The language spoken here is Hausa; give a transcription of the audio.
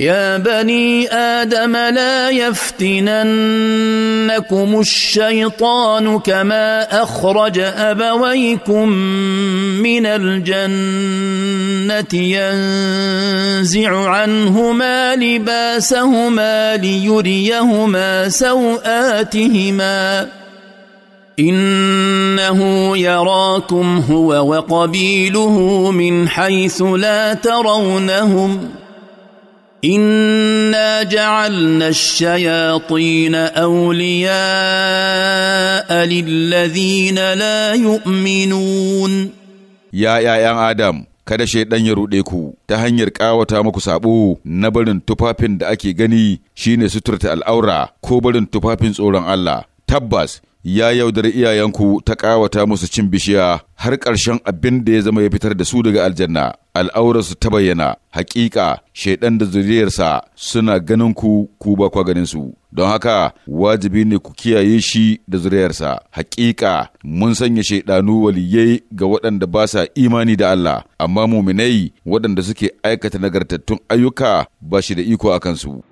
يا بني ادم لا يفتننكم الشيطان كما اخرج ابويكم من الجنه ينزع عنهما لباسهما ليريهما سواتهما انه يراكم هو وقبيله من حيث لا ترونهم انا جعلنا الشياطين اولياء للذين لا يؤمنون يا يا يا ادم kada shaidan ya ruɗe ku ta hanyar ƙawata muku sabo na barin tufafin da ake gani shine suturta al'aura ko barin tufafin tsoron Allah tabbas ya yaudari iyayenku ta kawata musu cin bishiya har ƙarshen abin da ya zama ya fitar da su daga aljanna al'aurarsu ta bayyana hakika shaidan da zuriyarsa suna ganin ku ku ba kwa ganin su don haka wajibi ne ku kiyaye shi da zuriyarsa hakika mun sanya shaidanu waliyai ga waɗanda ba sa imani da Allah amma muminai waɗanda suke aikata nagartattun ayyuka ba shi da iko a kansu